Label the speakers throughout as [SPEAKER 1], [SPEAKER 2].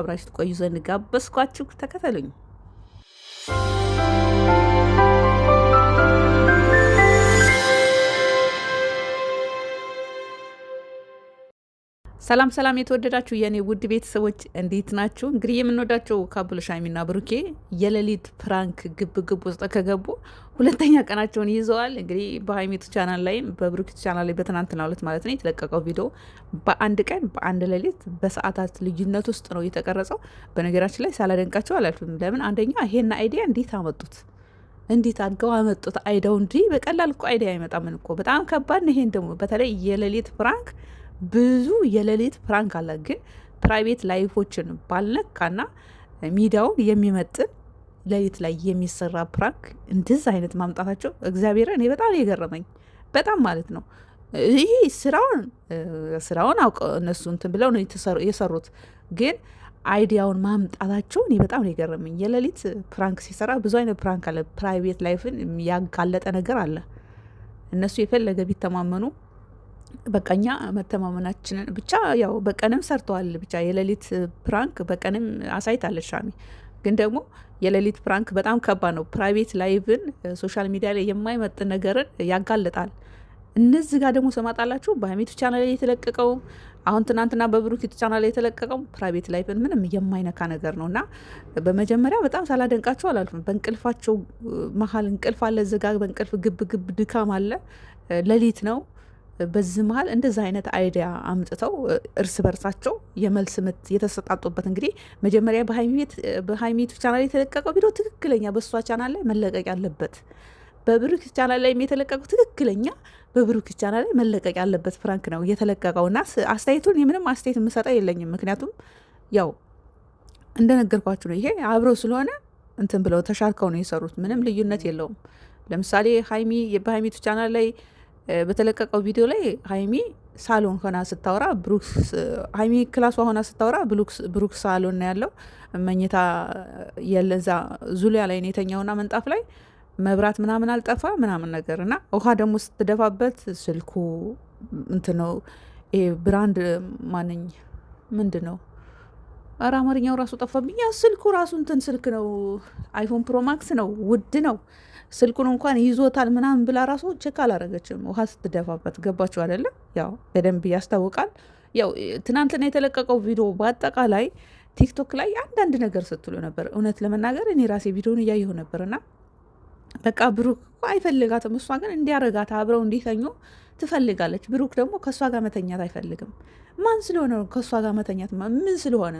[SPEAKER 1] አብራችሁ ትቆዩ ዘንድ ጋበዝኳችሁ። ተከተሉኝ። ሰላም ሰላም የተወደዳችሁ የእኔ ውድ ቤተሰቦች እንዴት ናችሁ? እንግዲህ የምንወዳቸው ካፕል ሀይሚና ብሩኬ የሌሊት ፕራንክ ግብ ግብ ውስጥ ከገቡ ሁለተኛ ቀናቸውን ይዘዋል። እንግዲህ በሀይሚቱ ቻናል ላይም በብሩኬቱ ቻናል ላይ በትናንትና ሁለት ማለት ነው የተለቀቀው ቪዲዮ በአንድ ቀን በአንድ ሌሊት በሰዓታት ልዩነት ውስጥ ነው የተቀረጸው። በነገራችን ላይ ሳላደንቃቸው አላልፍም። ለምን አንደኛ ይሄን አይዲያ እንዴት አመጡት? እንዴት አድገው አመጡት? አይዳው እንዲህ በቀላል እኮ አይዲያ አይመጣም እኮ በጣም ከባድ ነው። ይሄን ደግሞ በተለይ የሌሊት ፕራንክ ብዙ የሌሊት ፕራንክ አለ። ግን ፕራይቬት ላይፎችን ባልነካና ሚዲያውን የሚመጥን ሌሊት ላይ የሚሰራ ፕራንክ እንደዚህ አይነት ማምጣታቸው እግዚአብሔር እኔ በጣም የገረመኝ በጣም ማለት ነው። ይሄ ስራውን ስራውን አውቀው እነሱ እንትን ብለው ነው የሰሩት፣ ግን አይዲያውን ማምጣታቸው እኔ በጣም ነው የገረመኝ። የሌሊት ፕራንክ ሲሰራ ብዙ አይነት ፕራንክ አለ። ፕራይቬት ላይፍን ያጋለጠ ነገር አለ። እነሱ የፈለገ ቢተማመኑ በቃኛ መተማመናችንን ብቻ ያው በቀንም ሰርተዋል። ብቻ የሌሊት ፕራንክ በቀንም አሳይታለች ሻሚ። ግን ደግሞ የሌሊት ፕራንክ በጣም ከባድ ነው። ፕራይቬት ላይቭን ሶሻል ሚዲያ ላይ የማይመጥ ነገርን ያጋልጣል። እነዚህ ጋር ደግሞ ሰማጣላችሁ በሀሚቱ ቻናል ላይ የተለቀቀው አሁን ትናንትና በብሩኪቱ ቻናል ላይ የተለቀቀው ፕራይቬት ላይቭን ምንም የማይነካ ነገር ነው እና በመጀመሪያ በጣም ሳላደንቃቸው አላልፍም። በእንቅልፋቸው መሀል እንቅልፍ አለ፣ እዚህ በእንቅልፍ ግብ ግብ ድካም አለ። ሌሊት ነው በዚህ መሀል እንደዚህ አይነት አይዲያ አምጥተው እርስ በርሳቸው የመልስ ምት የተሰጣጡበት እንግዲህ መጀመሪያ በሀይሚቱ ቻናል የተለቀቀው ቪዲዮ ትክክለኛ በእሷ ቻናል ላይ መለቀቅ ያለበት በብሩክ ቻናል ላይ የተለቀቀው ትክክለኛ በብሩክ ቻናል ላይ መለቀቅ ያለበት ፍራንክ ነው የተለቀቀው እና አስተያየቱን የምንም አስተያየት የምሰጠው የለኝም። ምክንያቱም ያው እንደነገርኳችሁ ነው። ይሄ አብረው ስለሆነ እንትን ብለው ተሻርከው ነው የሰሩት። ምንም ልዩነት የለውም። ለምሳሌ ሀይሚ በሀይሚቱ ቻናል ላይ በተለቀቀው ቪዲዮ ላይ ሀይሚ ሳሎን ሆና ስታወራ ብሩክስ ሀይሚ ክላሷ ሆና ስታወራ ብሩክስ ሳሎን ነው ያለው። መኝታ የለዛ ዙሊያ ላይ የተኛውና መንጣፍ ላይ መብራት ምናምን አልጠፋ ምናምን ነገር እና ውሃ ደግሞ ስትደፋበት ስልኩ እንትን ነው ብራንድ ማንኝ ምንድን ነው ኧረ አማርኛው ራሱ ጠፋብኝ። ስልኩ ራሱ እንትን ስልክ ነው፣ አይፎን ፕሮማክስ ነው፣ ውድ ነው። ስልኩን እንኳን ይዞታል ምናምን ብላ ራሱ ቼክ አላረገችም። ውሃ ስትደፋበት ገባችሁ አይደለም? ያው በደንብ ያስታውቃል። ያው ትናንትና የተለቀቀው ቪዲዮ በአጠቃላይ ቲክቶክ ላይ አንዳንድ ነገር ስትሉ ነበር። እውነት ለመናገር እኔ ራሴ ቪዲዮን እያየሁ ነበርና በቃ ብሩክ እኮ አይፈልጋትም። እሷ ግን እንዲያረጋት አብረው እንዲተኙ ትፈልጋለች። ብሩክ ደግሞ ከእሷ ጋር መተኛት አይፈልግም። ማን ስለሆነ ከእሷ ጋር መተኛት ምን ስለሆነ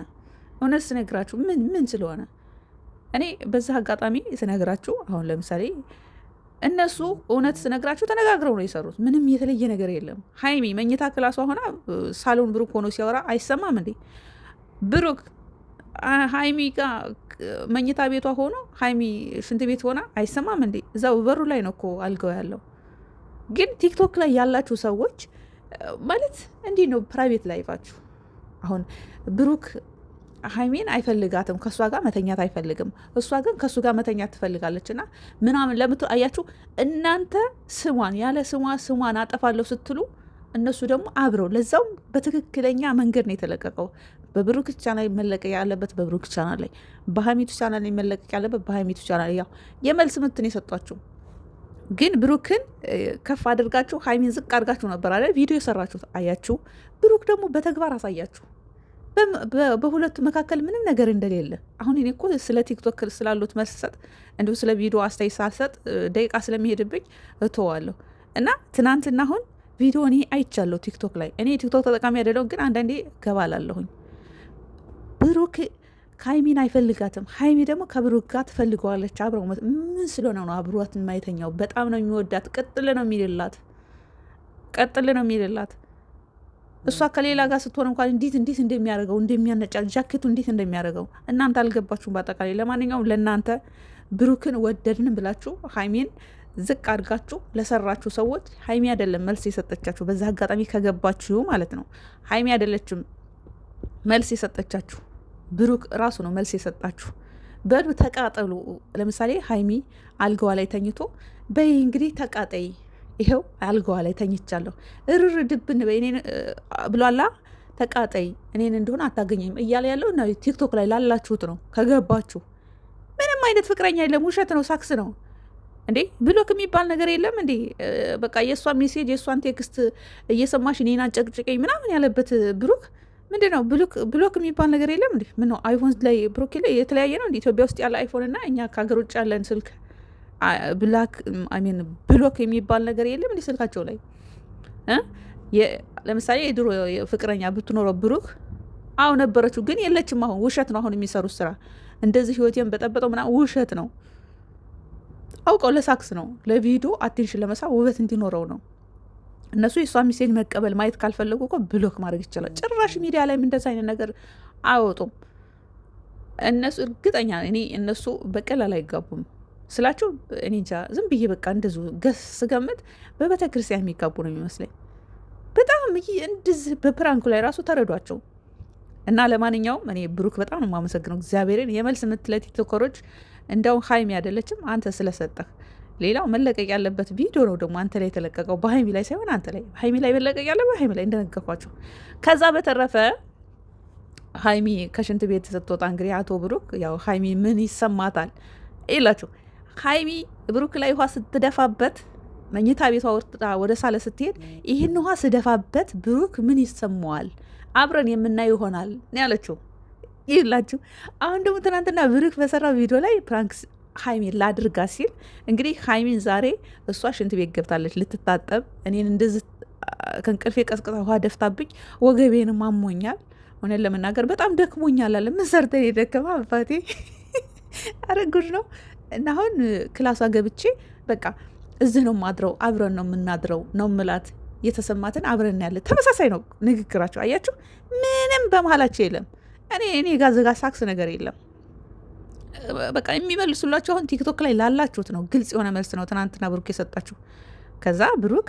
[SPEAKER 1] እውነት ስነግራችሁ ምን ምን ስለሆነ እኔ በዛ አጋጣሚ ስነግራችሁ አሁን ለምሳሌ እነሱ እውነት ስነግራችሁ ተነጋግረው ነው የሰሩት። ምንም የተለየ ነገር የለም። ሀይሚ መኝታ ክላሷ ሆና ሳሎን ብሩክ ሆኖ ሲያወራ አይሰማም እንዴ? ብሩክ ሀይሚ ጋ መኝታ ቤቷ ሆኖ ሀይሚ ሽንት ቤት ሆና አይሰማም እንዴ? እዛው በሩ ላይ ነው እኮ አልገው ያለው። ግን ቲክቶክ ላይ ያላችሁ ሰዎች ማለት እንዲህ ነው ፕራይቬት ላይፋችሁ። አሁን ብሩክ ሀይሜን አይፈልጋትም። ከእሷ ጋር መተኛት አይፈልግም። እሷ ግን ከእሱ ጋር መተኛት ትፈልጋለች። ና ምናምን ለምት አያችሁ እናንተ ስሟን ያለ ስሟ ስሟን አጠፋለሁ ስትሉ እነሱ ደግሞ አብረው ለዛውም በትክክለኛ መንገድ ነው የተለቀቀው። በብሩክ ቻናል መለቀቅ ያለበት በብሩክ ቻናል ላይ፣ በሀይሚቱ ቻናል ላይ መለቀቅ ያለበት በሀይሚቱ ቻናል ላይ። ያው የመልስ ምትን የሰጧችሁ ግን ብሩክን ከፍ አድርጋችሁ ሀይሚን ዝቅ አድርጋችሁ ነበር አለ ቪዲዮ የሰራችሁት። አያችሁ ብሩክ ደግሞ በተግባር አሳያችሁ። በሁለቱ መካከል ምንም ነገር እንደሌለ አሁን እኔ እኮ ስለ ቲክቶክ ስላሉት መሰጥ እንዲሁ ስለ ቪዲዮ አስተያየት ሳልሰጥ ደቂቃ ስለሚሄድብኝ እተዋለሁ እና ትናንትና አሁን ቪዲዮ እኔ አይቻለሁ ቲክቶክ ላይ እኔ ቲክቶክ ተጠቃሚ አይደለሁ ግን አንዳንዴ ገባላለሁኝ ብሩክ ከሀይሚን አይፈልጋትም ሀይሚ ደግሞ ከብሩክ ጋር ትፈልገዋለች አብረው ምን ስለሆነ ነው አብሯትን የማይተኛው በጣም ነው የሚወዳት ቀጥል ነው የሚልላት ቀጥል ነው የሚልላት እሷ ከሌላ ጋር ስትሆን እንኳን እንዴት እንዴት እንደሚያደርገው እንደሚያነጫ ጃኬቱ እንዴት እንደሚያደርገው እናንተ አልገባችሁም። በአጠቃላይ ለማንኛውም ለእናንተ ብሩክን ወደድን ብላችሁ ሀይሜን ዝቅ አድጋችሁ ለሰራችሁ ሰዎች ሀይሜ አይደለም መልስ የሰጠቻችሁ። በዛ አጋጣሚ ከገባችሁ ማለት ነው ሀይሜ አይደለችም መልስ የሰጠቻችሁ፣ ብሩክ ራሱ ነው መልስ የሰጣችሁ። በሉ ተቃጠሉ። ለምሳሌ ሀይሚ አልጋዋ ላይ ተኝቶ በይ እንግዲህ ተቃጠይ ይኸው አልጋዋ ላይ ተኝቻለሁ። እርር ድብን በይ ብሏላ ተቃጠይ እኔን እንደሆነ አታገኘኝም እያለ ያለው እና ቲክቶክ ላይ ላላችሁት ነው ከገባችሁ። ምንም አይነት ፍቅረኛ የለም፣ ውሸት ነው፣ ሳክስ ነው። እንዴ ብሎክ የሚባል ነገር የለም እንዴ? በቃ የእሷ ሜሴጅ የእሷን ቴክስት እየሰማሽ እኔን አጨቅጭቀኝ ምናምን ያለበት ብሩክ ምንድን ነው ብሎክ የሚባል ነገር የለም እንዴ? ነው አይፎን ላይ ብሩክ የተለያየ ነው እንዴ? ኢትዮጵያ ውስጥ ያለ አይፎን እና እኛ ከሀገር ውጭ ያለን ስልክ ብላክ አሚን ብሎክ የሚባል ነገር የለም እንዲህ ስልካቸው ላይ ለምሳሌ የድሮ ፍቅረኛ ብትኖረው ብሩክ አዎ ነበረችው፣ ግን የለችም። አሁን ውሸት ነው አሁን የሚሰሩት ስራ እንደዚህ ህይወቴን በጠበጠው ምናምን ውሸት ነው። አውቀው ለሳክስ ነው ለቪዲዮ አቴንሽን ለመሳብ ውበት እንዲኖረው ነው። እነሱ የእሷ ሚሴጅ መቀበል ማየት ካልፈለጉ እኮ ብሎክ ማድረግ ይችላል። ጭራሽ ሚዲያ ላይ እንደዚ አይነት ነገር አያወጡም እነሱ። እርግጠኛ እኔ እነሱ በቀላል አይጋቡም። ስላችሁ እኔ እንጃ ዝም ብዬ በቃ እንደዙ ገስ ስገምት በቤተ ክርስቲያን የሚጋቡ ነው የሚመስለኝ። በጣም እንድዝ በፕራንኩ ላይ ራሱ ተረዷቸው እና ለማንኛውም እኔ ብሩክ በጣም ነው የማመሰግነው እግዚአብሔርን። የመልስ ምትለት ቲክቶከሮች እንደውም ሀይሚ አይደለችም አንተ ስለሰጠህ። ሌላው መለቀቅ ያለበት ቪዲዮ ነው ደግሞ አንተ ላይ የተለቀቀው በሀይሚ ላይ ሳይሆን አንተ ላይ። ሀይሚ ላይ መለቀቅ ያለበት ሀይሚ ላይ እንደነገርኳቸው። ከዛ በተረፈ ሀይሚ ከሽንት ቤት ስትወጣ እንግዲህ አቶ ብሩክ ያው ሀይሚ ምን ይሰማታል ይላችሁ ሀይሚ ብሩክ ላይ ውሃ ስትደፋበት መኝታ ቤቷ ወርጥጣ ወደ ሳለ ስትሄድ ይህን ውሃ ስደፋበት ብሩክ ምን ይሰማዋል? አብረን የምናየው ይሆናል ነው ያለችው። ይላችሁ አሁን ደግሞ ትናንትና ብሩክ በሰራው ቪዲዮ ላይ ፕራንክስ ሀይሚን ላድርጋ ሲል እንግዲህ ሀይሚን ዛሬ እሷ ሽንት ቤት ገብታለች ልትታጠብ፣ እኔን እንደዚህ ከእንቅልፌ ቀስቅሳ ውሃ ደፍታብኝ ወገቤንም አሞኛል፣ እውነት ለመናገር በጣም ደክሞኛል አለ። ምን ሰርተን የደከመ አባቴ አረጉድ ነው እና አሁን ክላሷ ገብቼ በቃ እዚህ ነው ማድረው፣ አብረን ነው የምናድረው ነው ምላት የተሰማትን አብረን ያለ ተመሳሳይ ነው ንግግራቸው። አያችሁ ምንም በመሀላቸው የለም። እኔ እኔ ጋር ሳክስ ነገር የለም። በቃ የሚመልሱላችሁ አሁን ቲክቶክ ላይ ላላችሁት ነው። ግልጽ የሆነ መልስ ነው ትናንትና ብሩክ የሰጣችሁ። ከዛ ብሩክ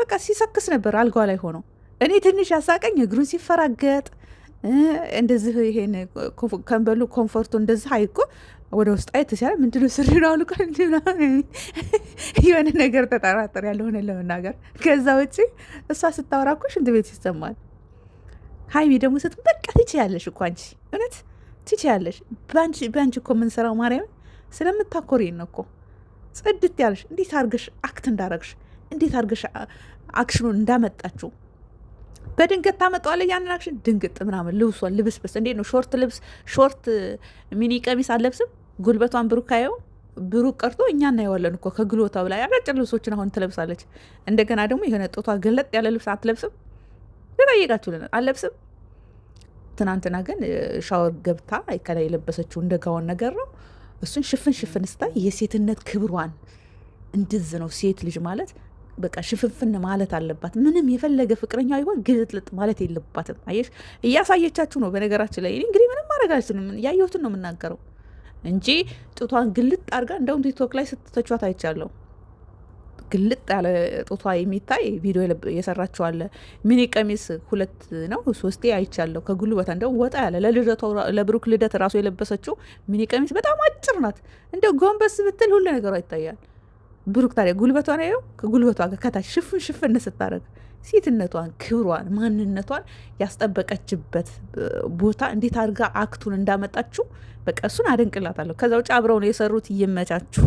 [SPEAKER 1] በቃ ሲሰክስ ነበር አልጋ ላይ ሆኖ። እኔ ትንሽ ያሳቀኝ እግሩን ሲፈራገጥ እንደዚህ ይሄን ከንበሉ ኮንፎርቱ እንደዚህ አይቆ ወደ ውስጥ አየት ሲያለ ምንድነው ስሪን አሉ የሆነ ነገር ተጠራጠር ያለሆነ ለመናገር። ከዛ ውጭ እሷ ስታወራ እኮ ሽንት ቤት ይሰማል። ሀይሚ ደግሞ ስት በቃ ትችያለሽ እኮ አንቺ እውነት ትችያለሽ። በአንቺ እኮ የምንሰራው ማርያም ስለምታኮሪን ነው እኮ ጽድት ያለሽ። እንዴት አርገሽ አክት እንዳረግሽ እንዴት አርገሽ አክሽኑን እንዳመጣችው በድንገት ታመጣዋለች ያንን አክሽን ድንግጥ ምናምን ልብሷን ልብስብስ እንዴት ነው ሾርት ልብስ ሾርት ሚኒ ቀሚስ አለብስም ጉልበቷን ብሩክ ካየው ብሩክ ቀርቶ እኛ እናየዋለን እኮ ከግሎታው ላይ አጫጭር ልብሶችን አሁን ትለብሳለች። እንደገና ደግሞ የሆነ ጦቷ ገለጥ ያለ ልብስ አትለብስም። ልን አለብስም። ትናንትና ግን ሻወር ገብታ ከላይ የለበሰችው እንደጋውን ነገር ነው። እሱን ሽፍን ሽፍን ስታይ የሴትነት ክብሯን እንድዝ ነው ሴት ልጅ ማለት በቃ ሽፍንፍን ማለት አለባት። ምንም የፈለገ ፍቅረኛ ይሆን ግልጥልጥ ማለት የለባትም። አየሽ፣ እያሳየቻችሁ ነው። በነገራችን ላይ እንግዲህ ምንም ማድረግ አልችልም፣ ያየሁትን ነው የምናገረው እንጂ ጡቷን ግልጥ አድርጋ እንደውም ቲክቶክ ላይ ስትተቿት አይቻለሁ። ግልጥ ያለ ጡቷ የሚታይ ቪዲዮ የሰራችው አለ። ሚኒ ቀሚስ ሁለት ነው ሶስቴ አይቻለሁ። ከጉልበታ እንደው ወጣ ያለ ለብሩክ ልደት ራሱ የለበሰችው ሚኒ ቀሚስ በጣም አጭር ናት። እንደው ጎንበስ ብትል ሁሉ ነገሯ ይታያል። ብሩክ ታዲያ ጉልበቷን አየው። ከጉልበቷ ከታች ሽፍን ሽፍን ስታደርግ ሴትነቷን፣ ክብሯን፣ ማንነቷን ያስጠበቀችበት ቦታ እንዴት አድርጋ አክቱን እንዳመጣችው በቃ እሱን አደንቅላታለሁ። ከዛ ውጭ አብረው ነው የሰሩት። ይመቻችሁ።